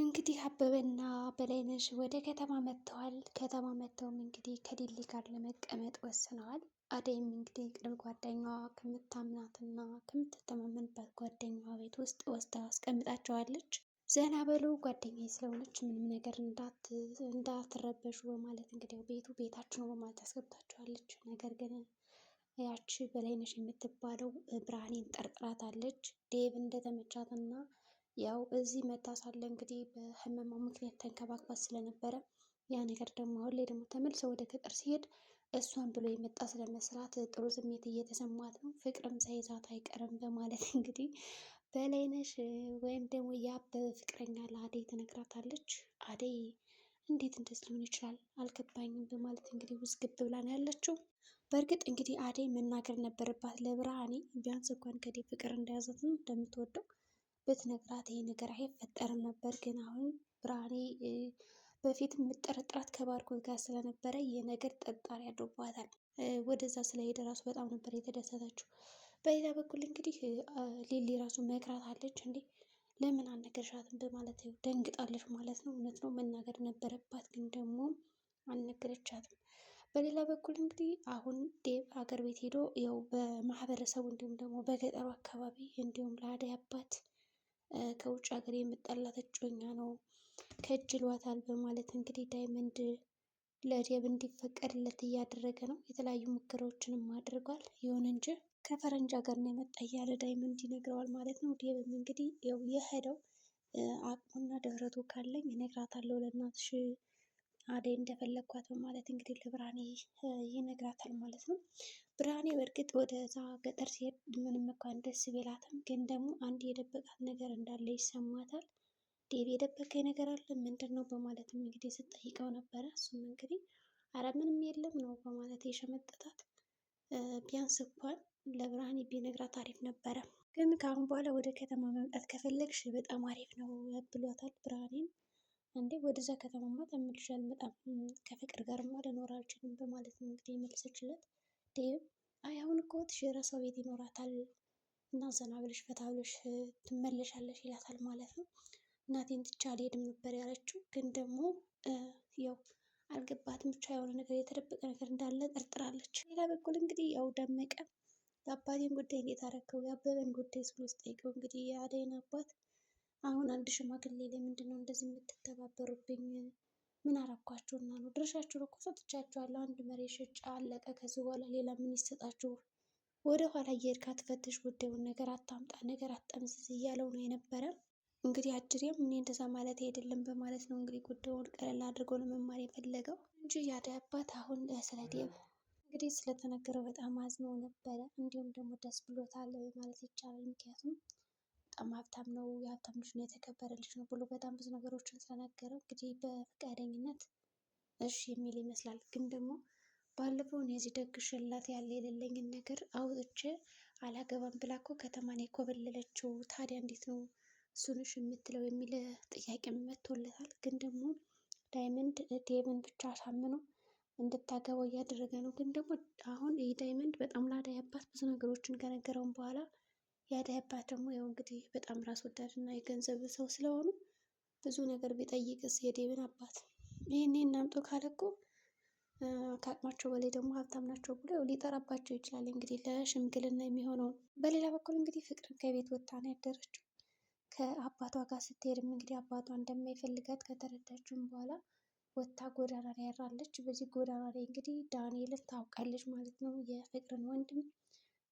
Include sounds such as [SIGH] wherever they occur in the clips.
እንግዲህ አበበና በላይነሽ ወደ ከተማ መጥተዋል። ከተማ መጥተውም እንግዲህ ከሊሊ ጋር ለመቀመጥ ወስነዋል። አደይም እንግዲህ ቅርብ ጓደኛዋ ከምታምናትና ከምትተማመንበት ጓደኛዋ ቤት ውስጥ ወስዳ አስቀምጣቸዋለች። ዘና በሉ ጓደኛ ስለሆነች ምንም ነገር እንዳትረበሹ በማለት እንግዲህ ቤቱ ቤታችሁ ነው በማለት አስገብታቸዋለች። ነገር ግን ያቺ በላይነሽ የምትባለው ብርሃኔን ጠርጥራታለች። ዴቭ እንደተመቻትና ያው እዚህ መታ ሳለ እንግዲህ በህመማ ምክንያት ተንከባክባት ስለነበረ ያ ነገር ደግሞ አሁን ላይ ደግሞ ተመልሶ ወደ ገጠር ሲሄድ እሷን ብሎ የመጣ ስለመስራት ጥሩ ስሜት እየተሰማት ነው። ፍቅርም ሳይዛት አይቀርም በማለት [LAUGHS] እንግዲህ በላይነሽ ወይም ደግሞ የአበበ ፍቅረኛ ለአደይ ትነግራታለች። አደይ እንዴት እንደዚህ ሊሆን ይችላል አልገባኝም በማለት እንግዲህ ውዝግብ ብላ ነው ያለችው። በእርግጥ እንግዲህ አደይ መናገር ነበረባት ለብርሃኔ ቢያንስ እንኳን ከዴ ፍቅር እንደያዛትም እንደምትወደው ብትነግራት ይሄ ነገር አይፈጠርም ነበር። ግን አሁን ብርሃኔ በፊትም የምጠረጥራት ከባርኮት ጋር ስለነበረ ይህ ነገር ጠርጣሪ አድርጓታል። ወደዛ ስለሄደ ራሱ በጣም ነበር የተደሰተችው። በሌላ በኩል እንግዲህ ሊሊ ራሱ መክራት አለች እንዴ ለምን አልነገርሻትም በማለት ደንግጣለች ማለት ነው። እውነት ነው መናገር ነበረባት፣ ግን ደግሞ አልነገረቻትም። በሌላ በኩል እንግዲህ አሁን ዴቭ ሀገር ቤት ሄዶ ያው በማህበረሰቡ እንዲሁም ደግሞ በገጠሩ አካባቢ እንዲሁም ለአደይ አባት ከውጭ ሀገር የመጣላት እጮኛ ነው ከጅሏታል በማለት እንግዲህ ዳይመንድ ለዴብ እንዲፈቀድለት እያደረገ ነው። የተለያዩ ሙከራዎችንም አድርጓል። ይሁን እንጂ ከፈረንጅ ሀገር ነው የመጣ እያለ ዳይመንድ ይነግረዋል ማለት ነው። ዴብም እንግዲህ የሄደው አቅሙና ድፍረቱ ካለኝ እነግራታለሁ ለእናትሽ አደይ እንደፈለግኳት በማለት እንግዲህ ለብርሃኔ ይነግራታል ማለት ነው። ብርሃኔ በእርግጥ ወደዛ ገጠር ሲሄድ ምንም እንኳን ደስ ቢላትም ግን ደግሞ አንድ የደበቃት ነገር እንዳለ ይሰማታል። ዴቭ የደበቀኝ ነገር አለ ምንድን ነው በማለትም እንግዲህ ስትጠይቀው ነበረ። እሱም እንግዲህ አረ ምንም የለም ነው በማለት የሸመጠታት ቢያንስ እንኳን ለብርሃኔ ቢነግራት አሪፍ ነበረ። ግን ከአሁን በኋላ ወደ ከተማ መምጣት ከፈለግሽ በጣም አሪፍ ነው ብሏታል ብርሃኔም እንዴ ወደዛ ከተማማ ተመልሼ አልመጣም ከፍቅር ጋርማ ልኖር አልችልም በማለት ነው እንግዲህ የመለሰችለት። ዴቭ አይ አሁን እኮ እህትሽ የራሷ ቤት ይኖራታል እና ዘና ብለሽ ፈታ ብለሽ ትመለሻለሽ ይላታል ማለት ነው። እናቴን ትቼ አልሄድም ነበር ያለችው ግን ደግሞ ያው አልገባትም ብቻ የሆነ ነገር የተደበቀ ነገር እንዳለ ጠርጥራለች። ሌላ በኩል እንግዲህ ያው ደመቀ የአባቴን ጉዳይ እንዴት አደረገው የአበበን ጉዳይ ስሎ ስጠይቀው እንግዲህ የአደይን አባት አሁን አንድ ሽማግሌ ላይ ምንድን ነው እንደዚህ የምትተባበሩብኝ? ምን አረኳችሁ እና ነው? ድርሻችሁን እኮ ሰጥቻችኋለሁ። አንድ መሬት ሽጫ አለቀ። ከዚህ በኋላ ሌላ ምን ይሰጣችሁ? ወደ ኋላ እየሄድክ አትፈትሽ፣ ጉዳዩን ነገር አታምጣ፣ ነገር አትጠምዝዝ እያለው ነው የነበረ። እንግዲህ አጅሬም እኔ እንደዛ ማለት አይደለም በማለት ነው እንግዲህ ጉዳዩን ቀለል አድርጎ ለመማር የፈለገው እንጂ ያደ አባት አሁን ስለ እንግዲህ ስለተነገረው በጣም አዝነው ነበረ። እንዲሁም ደግሞ ደስ ብሎታል ማለት ይቻላል ምክንያቱም በጣም ሀብታም ነው፣ የሀብታም ልጅ ነው፣ የተከበረ ልጅ ነው ብሎ በጣም ብዙ ነገሮችን ስለነገረው እንግዲህ በፈቃደኝነት እሺ የሚል ይመስላል። ግን ደግሞ ባለፈው እኔ እዚህ ደግሼላት ያለ የሌለኝን ነገር አውጥቼ አላገባም ብላ እኮ ከተማን የኮበለለችው ታዲያ እንዴት ነው እሱን የምትለው የሚል ጥያቄ መጥቶለታል። ግን ደግሞ ዳይመንድ ዴቭን ብቻ አሳምኖ እንድታገባው እያደረገ ነው። ግን ደግሞ አሁን ይህ ዳይመንድ በጣም ላዳይ ያባት ብዙ ነገሮችን ከነገረውን በኋላ አባት ደግሞ ያው እንግዲህ በጣም ራስ ወዳድ እና የገንዘብ ሰው ስለሆኑ ብዙ ነገር ቢጠይቅስ የዴብን አባት ይህኔ እናምጦ ካለቁ ከአቅማቸው በላይ ደግሞ ሀብታም ናቸው ብሎ ሊጠራባቸው ይችላል። እንግዲህ ለሽምግልና የሚሆነውን በሌላ በኩል እንግዲህ ፍቅርን ከቤት ወጥታ ነው ያደረችው። ከአባቷ ጋር ስትሄድም እንግዲህ አባቷ እንደማይፈልጋት ከተረዳችውም በኋላ ወጥታ ጎዳና ላይ ያራለች። በዚህ ጎዳና ላይ እንግዲህ ዳንኤልን ታውቃለች ማለት ነው የፍቅርን ወንድም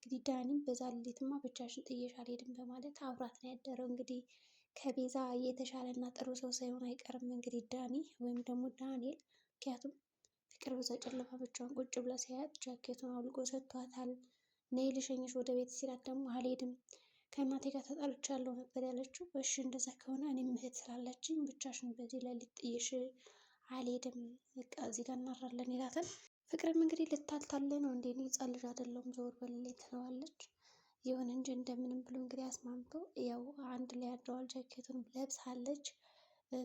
እንግዲህ ዳኒም በዛ ሌሊትማ ብቻሽን ጥየሽ አልሄድም በማለት አብራት ነው ያደረው። እንግዲህ ከቤዛ የተሻለ እና ጥሩ ሰው ሳይሆን አይቀርም እንግዲህ ዳኒ ወይም ደግሞ ዳንኤል። ምክንያቱም ፍቅር በዛ ጨለማ ብቻውን ቁጭ ብላ ሲያያት ጃኬቱን አውልቆ ሰጥቷታል። ነይ ልሸኝሽ ወደ ቤት ሲላት ደግሞ አልሄድም ከእናቴ ጋር ተጣልቻለሁ ነበር ያለችው። እሺ እንደዛ ከሆነ እኔም እህት ስላለችኝ ብቻሽን በዚህ ሌሊት ጥየሽ አልሄድም፣ በቃ እዚህ ጋር ይላታል። ፍቅርም እንግዲህ ልታልታለ ነው እንዴ ህፃን ልጅ አይደለም ዘወር በሌላ ትለዋለች። ይሁን እንጂ እንደምንም ብሎ እንግዲህ አስማምቶ ያው አንድ ላይ አድረዋል። ጃኬቱን ለብሳለች።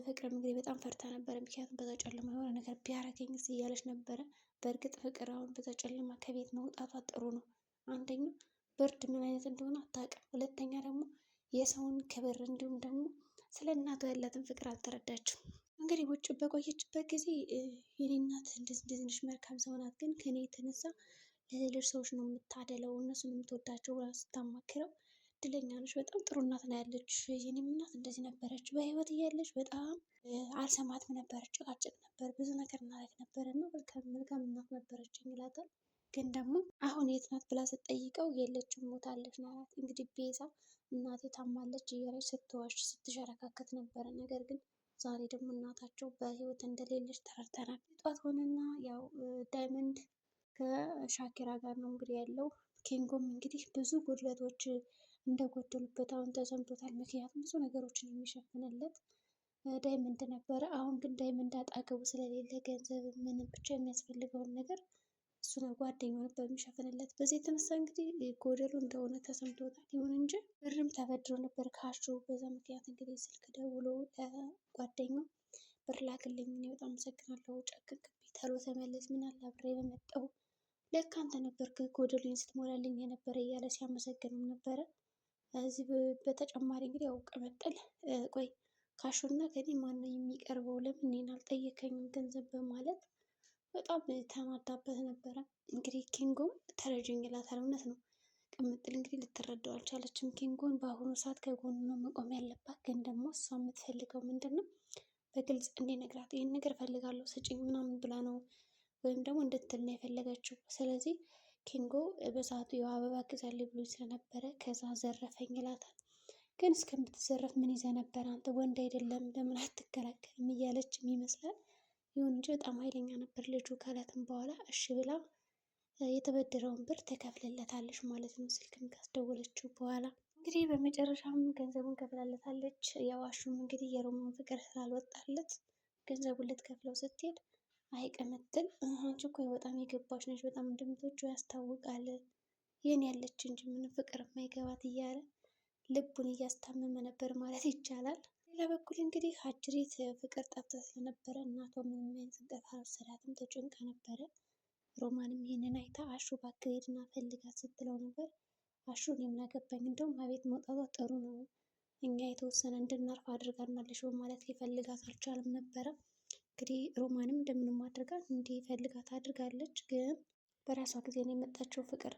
ፍቅርም እንግዲህ በጣም ፈርታ ነበረ። ምክንያቱም በዛ ጨለማ የሆነ ነገር ቢያረገኝ እያለች ነበረ። በእርግጥ ፍቅር አሁን በዛ ጨለማ ከቤት መውጣቷ ጥሩ ነው። አንደኛ ብርድ ምን አይነት እንደሆነ አታውቅም። ሁለተኛ ደግሞ የሰውን ክብር እንዲሁም ደግሞ ስለ እናቷ ያላትን ፍቅር አልተረዳችም። እንግዲህ ውጭ በቆየችበት ጊዜ የኔ እናት እንደዚህ እንደዚህ ነች፣ መልካም ሰው ናት፣ ግን ከኔ የተነሳ ለሌሎች ሰዎች ነው የምታደለው፣ እነሱ ነው የምትወዳቸው ብላ ስታማክረው እድለኛ ነች፣ በጣም ጥሩ እናት ነው ያለች። የኔም እናት እንደዚህ ነበረች። በህይወት እያለች በጣም አልሰማትም ነበር፣ ጭቃጭቅ ነበር፣ ብዙ ነገር እናደርግ ነበር እና መልካም መልካም እናት ነበረች ይላታል። ግን ደግሞ አሁን የት ናት ብላ ስትጠይቀው የለችም ሞታለች ነው ያላት። እንግዲህ ቤዛ እናቴ ታማለች እያለች ስትዋሽ ስትሸረካከት ነበረ። ነገር ግን ዛሬ ደግሞ እናታቸው በህይወት እንደሌለች ተረድተናል። ጧት ሆነና ያው ዳይመንድ ከሻኪራ ጋር ነው እንግዲህ ያለው። ኬንጎም እንግዲህ ብዙ ጉድለቶች እንደጎደሉበት አሁን ተሰምቶታል። ምክንያቱም ብዙ ነገሮችን የሚሸፍንለት ዳይመንድ ነበረ። አሁን ግን ዳይመንድ አጠገቡ ስለሌለ ገንዘብ ምንም ብቻ የሚያስፈልገውን ነገር እሱ ነው ጓደኛው ነበር የሚሸፍንለት። በዚህ የተነሳ እንግዲህ ጎደሉ እንደሆነ ተሰምቶታል። ይሁን እንጂ ብርም ተበድሮ ነበር ካሹ። በዛ ምክንያት እንግዲህ ስልክ ደውሎ ጓደኛው ብር ላክልኝ፣ እኔ በጣም አመሰግናለሁ፣ ጨክክ ተሎ ተመለስ፣ ምን አለ አብሬ በመጣሁ ለካ አንተ ነበርክ ጎደሉን ስትሞላልኝ የነበረ እያለ ሲያመሰግንም ነበረ። እዚህ በተጨማሪ እንግዲህ ያው ቀበጠል ቆይ ካሹና ከኔ ማነው የሚቀርበው? ለምን እኔን አልጠየከኝም ገንዘብ በማለት በጣም ተናዳበት ነበረ። እንግዲህ ኪንጎ ተረጅኝ ይላታል። እውነት ነው። ቅምጥል እንግዲህ ልትረዳው አልቻለችም። ኪንጎን በአሁኑ ሰዓት ከጎኑ ነው መቆም ያለባት። ግን ደግሞ እሷ የምትፈልገው ምንድን ነው በግልጽ እንዲነግራት ይህን ነገር ፈልጋለሁ ስጭኝ ምናምን ብላ ነው ወይም ደግሞ እንድትል ነው የፈለገችው። ስለዚህ ኪንጎ በሰዓቱ የው አበባ ግዛልኝ ብሎ ስለነበረ ከዛ ዘረፈኝ ይላታል። ግን እስከምትዘረፍ ምን ይዘ ነበር አንተ ወንድ አይደለም ለምን አትከላከልም? እያለችም ይመስላል ይሁን እንጂ በጣም ኃይለኛ ነበር ልጁ ካላትም በኋላ እሺ ብላ የተበደረውን ብር ተከፍልለታለች ማለት ነው። ስልክም ካስደወለችው በኋላ እንግዲህ በመጨረሻም ገንዘቡን ከፍላለታለች። የዋሹም እንግዲህ የሮማን ፍቅር ስላልወጣለት ገንዘቡን ልትከፍለው ስትሄድ አይቀመጥል አንቺ እኮ በጣም የገባች ነች፣ በጣም ድምፆቹ ያስታውቃል፣ ይህን ያለች እንጂ ምን ፍቅር የማይገባት እያለ ልቡን እያስታመመ ነበር ማለት ይቻላል። በሌላ በኩል እንግዲህ ሀድሪት ፍቅር ጠፍታ ስለነበረ እናቷ ምንም አይነት እንቅልፍ አልወሰዳትም፣ ተጨንቃ ነበረ። ሮማንም ይህንን አይታ አሹ እባክህ ሂድና ፈልጋት ስትለው ነበር። አሹ እኔ ምን አገባኝ፣ እንደውም አቤት መውጣቷ ጥሩ ነው፣ እኛ የተወሰነ እንድናርፍ አድርጋናለች በማለት ሊፈልጋት አልቻለም ነበረ። እንግዲህ ሮማንም እንደምንም አድርጋት እንዲፈልጋት አድርጋለች፣ ግን በራሷ ጊዜ ነው የመጣችው ፍቅር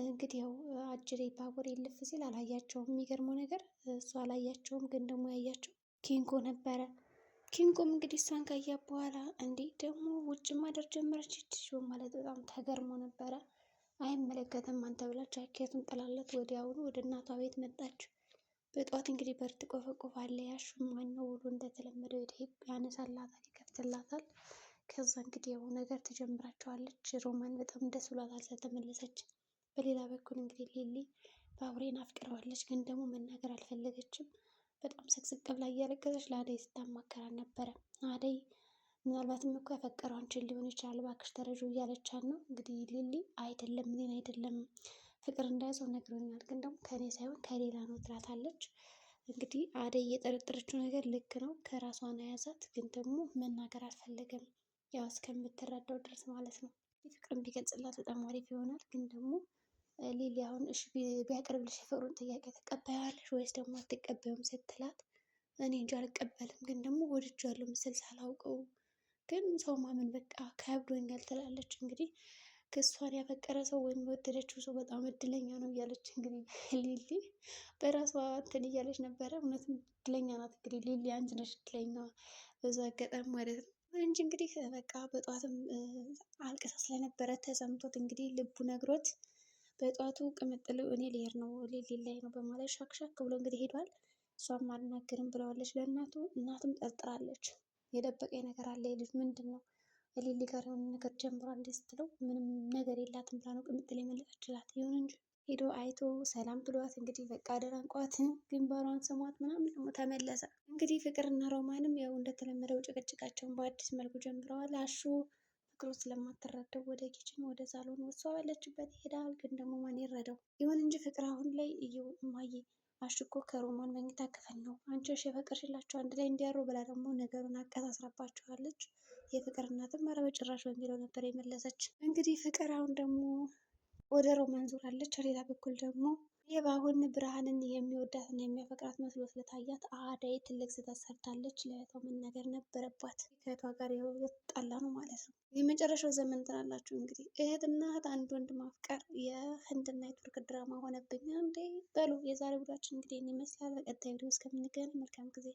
እንግዲህ ያው አጅሬ ባቡር ይልፍ ሲል አላያቸውም። የሚገርመው ነገር እሱ አላያቸውም፣ ግን ደግሞ ያያቸው ኪንጎ ነበረ። ኪንጎም እንግዲህ እሷን ካያ በኋላ እንዴ ደግሞ ውጭ ማደር ጀመረች ይችው ማለት በጣም ተገርሞ ነበረ። አይመለከተም አንተ ብላ ጃኬቱን ጥላለት ወዲያውኑ ወደ እናቷ ቤት መጣች። በጠዋት እንግዲህ በርት ቆፈቆፍ አለ ያሹ ማነው ብሎ እንደተለመደው ሄድ ያነሳላታል፣ ይከፍትላታል። ከዛ እንግዲህ ያው ነገር ትጀምራቸዋለች። ሮማን በጣም ደስ ብሏታል ስለተመለሰች። በሌላ በኩል እንግዲህ ሊሊ ባቡሬን አፍቅረዋለች፣ ግን ደግሞ መናገር አልፈለገችም። በጣም ስቅስቅ ብላ እያለቀሰች ለአደይ ስታማከራት ነበረ። አደይ ምናልባትም እኮ ያፈቀረው አንቺን ሊሆን ይችላል፣ እባክሽ ተረጁ እያለቻት ነው። እንግዲህ ሊሊ አይደለም፣ እኔን አይደለም ፍቅር እንዳያዘው ነግሮኛል፣ ግን ደግሞ ከእኔ ሳይሆን ከሌላ ነው ትላታለች። እንግዲህ አደይ የጠረጠረችው ነገር ልክ ነው። ከራሷን ያዛት፣ ግን ደግሞ መናገር አልፈለገም። ያው እስከምትረዳው ድረስ ማለት ነው። ፍቅርን ቢገልጽላት በጣም አሪፍ ይሆናል፣ ግን ደግሞ ሊሊ አሁን እሺ ቢያቀርብልሽ የፍቅሩን ጥያቄ ተቀበያለሽ ወይስ ደግሞ አትቀበዩም ስትላት እኔ እንጂ አልቀበልም፣ ግን ደግሞ ወድጄዋለሁ ምስል ሳላውቀው ግን ሰው ማመን በቃ ከብዶኛል ትላለች። እንግዲህ ክሷን ያፈቀረ ሰው ወይም የወደደችው ሰው በጣም እድለኛ ነው እያለች እንግዲህ ሊሊ በራሷ እንትን እያለች ነበረ። እውነትም እድለኛ ናት እንግዲህ ሊሊ፣ አንቺ ነሽ እድለኛ በዛ አጋጣሚ ማለት ነው። እንጂ እንግዲህ በቃ በጠዋትም አልቅሳ ስለነበረ ተሰምቶት እንግዲህ ልቡ ነግሮት በጠዋቱ ቅምጥል እኔ ልሄድ ነው ሊሊ ላይ ነው በማለት ሻክሻክ ብሎ እንግዲህ ሄዷል። እሷም አልናገርም ብለዋለች ለእናቱ። እናቱም ጠርጥራለች። የደበቀኝ ነገር አለ የልጅ ምንድን ነው ከሊሊ ጋር የሆነ ነገር ጀምሯል ስትለው ምንም ነገር የላትም ብላ ነው ቅምጥል ይችላል ይሁን እንጂ ሄዶ አይቶ ሰላም ብሏት እንግዲህ በቃ ደረንቋት ግንባሯን ስሟት ምናምን ደግሞ ተመለሰ። እንግዲህ ፍቅርና ሮማንም ያው እንደተለመደው ጭቅጭቃቸውን በአዲስ መልኩ ጀምረዋል አሹ ፍቅሩን ስለማትረዳው ወደ ኪችን ወደ ሳሎን እሷ ባለችበት ይሄዳል። ግን ደግሞ ማን ይረዳው? ይሁን እንጂ ፍቅር አሁን ላይ እየው እማዬ አሽኮ ከሮማን መኝታ ክፍል ነው አንቺ እሺ የፈቀድሽላቸው አንድ ላይ እንዲያሩ ብላ ደግሞ ነገሩን አቀሳስራባቸዋለች። የፍቅር እናትም ኧረ በጭራሽ በሚለው ነበር የመለሰች። እንግዲህ ፍቅር አሁን ደግሞ ወደ ሮማን ዙራለች። ሌላ በኩል ደግሞ የባቡን ብርሃንን የሚወዳት የሚወዳትና የሚያፈቅራት መስሎ ስለታያት አዳይ ትልቅ ስህተት ሰርታለች። ለእህቷ መናገር ነበረባት። ከእህቷ ጋር የጣላ ነው ማለት ነው። የመጨረሻው ዘመን ትላላችሁ እንግዲህ እህትና እህት አንድ ወንድ ማፍቀር የህንድና የቱርክ ድራማ ሆነብኝ እንዴ! በሉ የዛሬ ውሏችን እንግዲህ ይመስላል። በቀጣይ ቪዲዮ እስከምንገናኝ መልካም ጊዜ